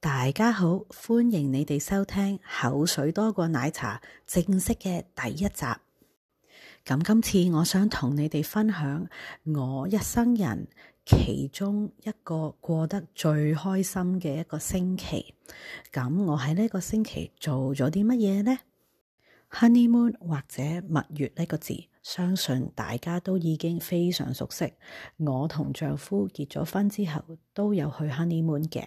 大家好，歡迎你哋收聽口水多過奶茶正式嘅第一集。咁今次我想同你哋分享我一生人其中一個過得最開心嘅一個星期。咁我喺呢個星期做咗啲乜嘢呢？Honeymoon，或者蜜月呢個字。相信大家都已經非常熟悉。我同丈夫結咗婚之後都有去 Honeymoon 嘅，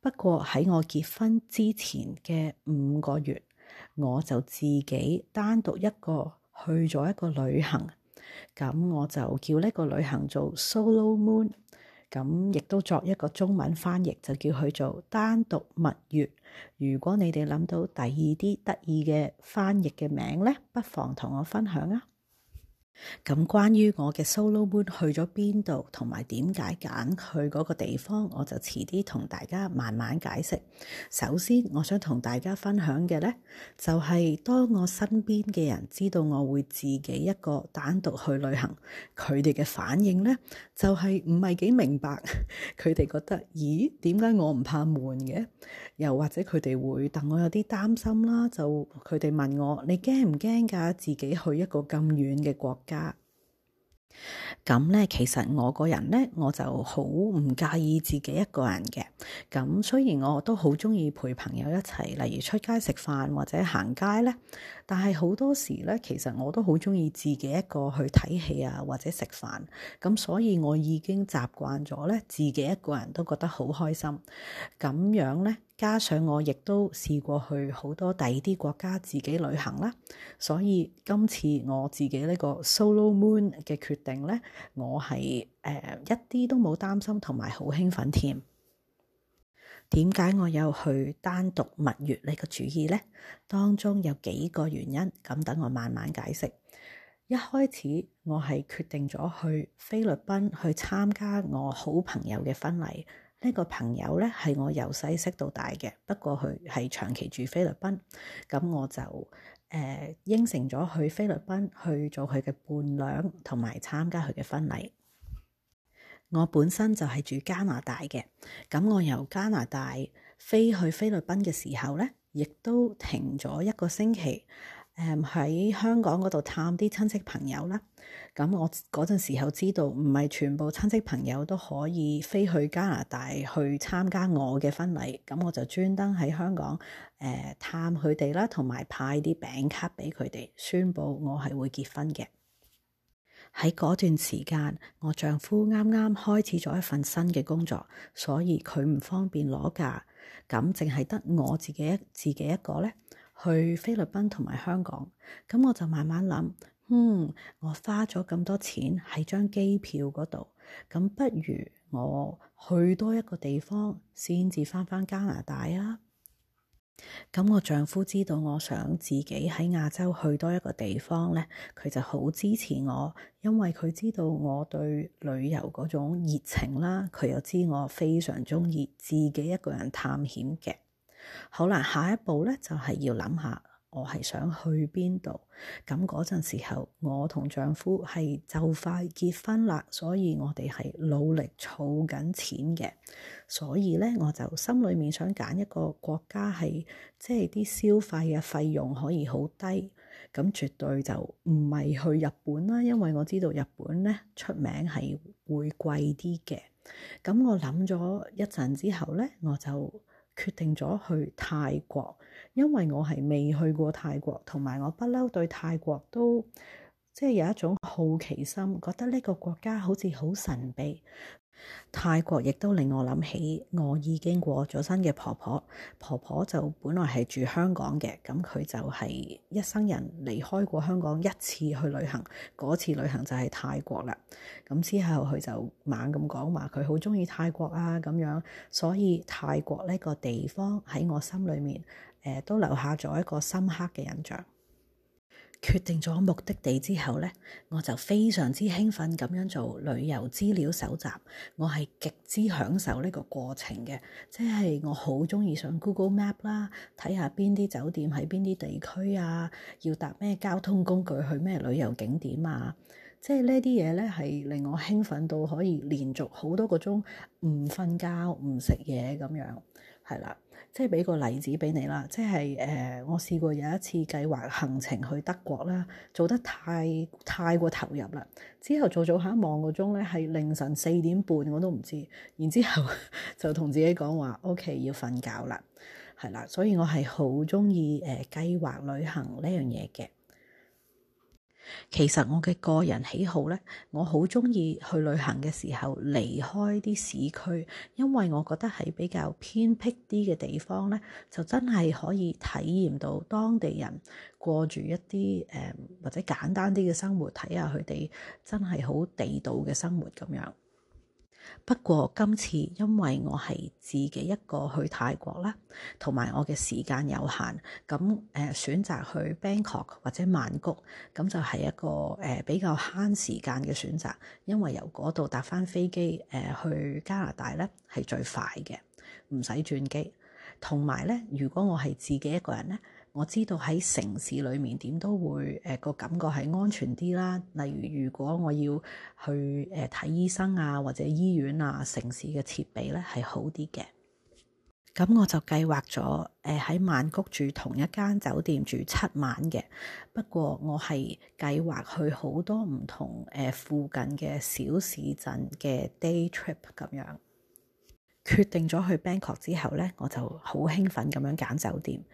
不過喺我結婚之前嘅五個月，我就自己單獨一個去咗一個旅行。咁我就叫呢個旅行做 Solo Moon，咁亦都作一個中文翻譯，就叫佢做單獨蜜月。如果你哋諗到第二啲得意嘅翻譯嘅名呢，不妨同我分享啊！咁關於我嘅 Solo Moon 去咗邊度，同埋點解揀去嗰個地方，我就遲啲同大家慢慢解釋。首先，我想同大家分享嘅咧，就係、是、當我身邊嘅人知道我會自己一個單獨去旅行，佢哋嘅反應咧，就係唔係幾明白。佢 哋覺得，咦，點解我唔怕悶嘅？又或者佢哋會戥我有啲擔心啦，就佢哋問我，你驚唔驚噶？自己去一個咁遠嘅國家。家咁咧，其實我個人咧，我就好唔介意自己一個人嘅。咁雖然我都好鍾意陪朋友一齊，例如出街食飯或者行街咧。但係好多時咧，其實我都好中意自己一個去睇戲啊，或者食飯。咁所以我已經習慣咗咧，自己一個人都覺得好開心。咁樣咧，加上我亦都試過去好多第啲國家自己旅行啦，所以今次我自己呢個 Solo Moon 嘅決定咧，我係誒、呃、一啲都冇擔心，同埋好興奮添。點解我有去單獨蜜月呢個主意呢？當中有幾個原因，咁等我慢慢解釋。一開始我係決定咗去菲律賓去參加我好朋友嘅婚禮，呢、這個朋友咧係我由細識到大嘅，不過佢係長期住菲律賓，咁我就誒、呃、應承咗去菲律賓去做佢嘅伴娘同埋參加佢嘅婚禮。我本身就係住加拿大嘅，咁我由加拿大飛去菲律賓嘅時候咧，亦都停咗一個星期，誒、嗯、喺香港嗰度探啲親戚朋友啦。咁我嗰陣時候知道，唔係全部親戚朋友都可以飛去加拿大去參加我嘅婚禮，咁我就專登喺香港誒、呃、探佢哋啦，同埋派啲餅卡俾佢哋，宣佈我係會結婚嘅。喺嗰段時間，我丈夫啱啱開始咗一份新嘅工作，所以佢唔方便攞假，咁淨係得我自己一自己一個咧去菲律賓同埋香港，咁我就慢慢諗，嗯，我花咗咁多錢喺張機票嗰度，咁不如我去多一個地方先至翻返加拿大啊。咁我丈夫知道我想自己喺亞洲去多一個地方咧，佢就好支持我，因為佢知道我對旅遊嗰種熱情啦，佢又知我非常中意自己一個人探險嘅。好啦，下一步咧就係要諗下。我係想去邊度？咁嗰陣時候，我同丈夫係就快結婚啦，所以我哋係努力儲緊錢嘅。所以咧，我就心裡面想揀一個國家，係即係啲消費嘅費用可以好低。咁絕對就唔係去日本啦，因為我知道日本咧出名係會貴啲嘅。咁我諗咗一陣之後咧，我就決定咗去泰國，因為我係未去過泰國，同埋我不嬲對泰國都即係有一種好奇心，覺得呢個國家好似好神秘。泰國亦都令我諗起我已經過咗身嘅婆婆，婆婆就本來係住香港嘅，咁佢就係一生人離開過香港一次去旅行，嗰次旅行就係泰國啦。咁之後佢就猛咁講話，佢好中意泰國啊咁樣，所以泰國呢個地方喺我心裏面誒、呃、都留下咗一個深刻嘅印象。決定咗目的地之後呢，我就非常之興奮咁樣做旅遊資料搜集。我係極之享受呢個過程嘅，即係我好中意上 Google Map 啦，睇下邊啲酒店喺邊啲地區啊，要搭咩交通工具去咩旅遊景點啊。即係呢啲嘢呢，係令我興奮到可以連續好多個鐘唔瞓覺、唔食嘢咁樣。係啦，即係俾個例子俾你啦，即係誒、呃，我試過有一次計劃行程去德國啦，做得太太過投入啦，之後做早下望個鐘咧係凌晨四點半，我都唔知，然之後 就同自己講話，OK 要瞓覺啦，係啦，所以我係好中意誒計劃旅行呢樣嘢嘅。其實我嘅個人喜好呢，我好中意去旅行嘅時候離開啲市區，因為我覺得係比較偏僻啲嘅地方呢，就真係可以體驗到當地人過住一啲誒、呃、或者簡單啲嘅生活，睇下佢哋真係好地道嘅生活咁樣。不過今次因為我係自己一個去泰國啦，同埋我嘅時間有限，咁誒、呃、選擇去 Bangkok 或者曼谷，咁就係一個誒、呃、比較慳時間嘅選擇，因為由嗰度搭翻飛機誒、呃、去加拿大咧係最快嘅，唔使轉機。同埋咧，如果我係自己一個人咧。我知道喺城市裏面點都會誒個、呃、感覺係安全啲啦。例如，如果我要去誒睇、呃、醫生啊，或者醫院啊，城市嘅設備咧係好啲嘅。咁我就計劃咗誒喺曼谷住同一間酒店住七晚嘅。不過我係計劃去好多唔同誒、呃、附近嘅小市鎮嘅 day trip 咁樣。決定咗去 Bangkok、ok、之後咧，我就好興奮咁樣揀酒店。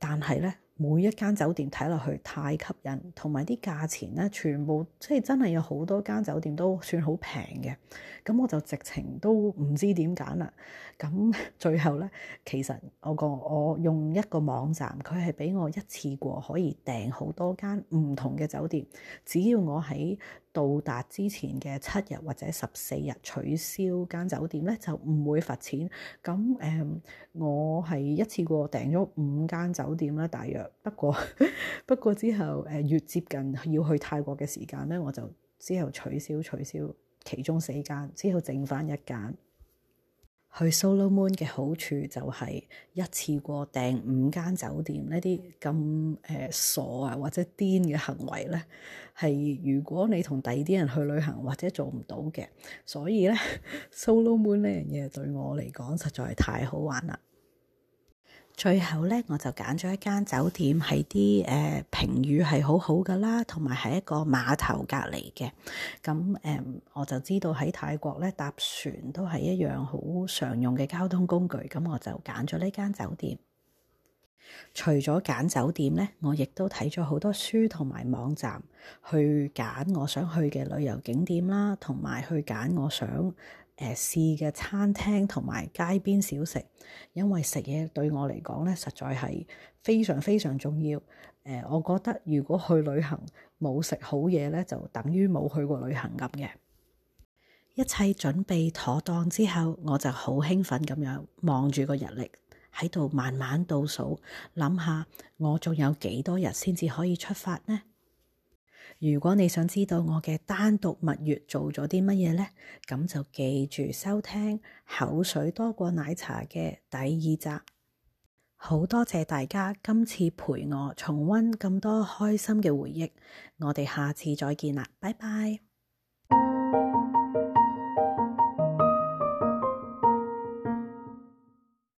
但係咧。每一間酒店睇落去太吸引，同埋啲價錢咧，全部即係真係有好多間酒店都算好平嘅。咁我就直情都唔知點揀啦。咁最後呢，其實我個我用一個網站，佢係俾我一次過可以訂好多間唔同嘅酒店，只要我喺到達之前嘅七日或者十四日取消間酒店呢，就唔會罰錢。咁誒，嗯，我係一次過訂咗五間酒店啦，大約。不過， 不過之後越、呃、接近要去泰國嘅時間咧，我就之後取消取消其中四間，之後剩翻一間。去 Solo Moon 嘅好處就係一次過訂五間酒店，呢啲咁傻啊，或者癲嘅行為咧，係如果你同第二啲人去旅行或者做唔到嘅，所以咧 Solo Moon 呢樣嘢 對我嚟講實在係太好玩啦～最後呢，我就揀咗一間酒店，係啲誒評語係好好㗎啦，同埋喺一個碼頭隔離嘅。咁誒、嗯，我就知道喺泰國咧搭船都係一樣好常用嘅交通工具，咁我就揀咗呢間酒店。除咗揀酒店咧，我亦都睇咗好多書同埋網站去揀我想去嘅旅遊景點啦，同埋去揀我想誒試嘅餐廳同埋街邊小食。因為食嘢對我嚟講咧，實在係非常非常重要。誒、呃，我覺得如果去旅行冇食好嘢咧，就等於冇去過旅行咁嘅。一切準備妥當之後，我就好興奮咁樣望住個日曆。喺度慢慢倒數，諗下我仲有幾多日先至可以出發呢？如果你想知道我嘅單獨蜜月做咗啲乜嘢呢？咁就記住收聽口水多過奶茶嘅第二集。好多謝大家今次陪我重温咁多開心嘅回憶，我哋下次再見啦，拜拜。